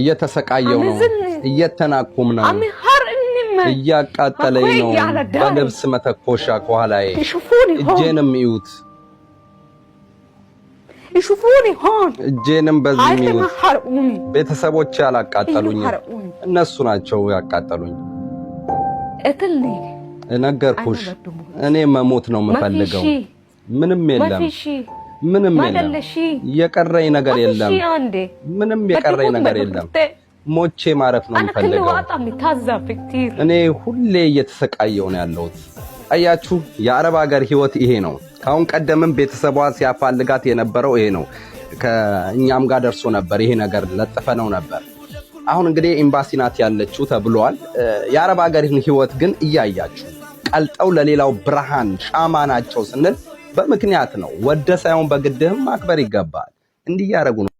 እየተሰቃየው ነው፣ እየተናኩም ነው፣ እያቃጠለኝ ነው። በልብስ መተኮሻ ከኋላዬ እጄንም ይዩት እጄንም በዚህ የሚሉት ቤተሰቦቼ አላቃጠሉኝም፣ እነሱ ናቸው ያቃጠሉኝ። ነገርኩሽ፣ እኔ መሞት ነው የምፈልገው። ምንም የለም። ምንም የለም። የቀረኝ ነገር የለም። ምንም የቀረኝ ነገር የለም። ሞቼ ማረፍ ነው የምፈልገው። እኔ ሁሌ እየተሰቃየው ነው ያለሁት። አያችሁ፣ የአረብ ሀገር ህይወት ይሄ ነው። ከአሁን ቀደምም ቤተሰቧ ሲያፋልጋት የነበረው ይሄ ነው። ከእኛም ጋር ደርሶ ነበር ይሄ ነገር ለጥፈነው ነበር። አሁን እንግዲህ ኤምባሲ ናት ያለችው ተብሏል። የአረብ ሀገር ህይወት ግን እያያችሁ ቀልጠው ለሌላው ብርሃን ሻማ ናቸው ስንል በምክንያት ነው። ወደ ሳይሆን በግድህም ማክበር ይገባል። እንዲህ ነው።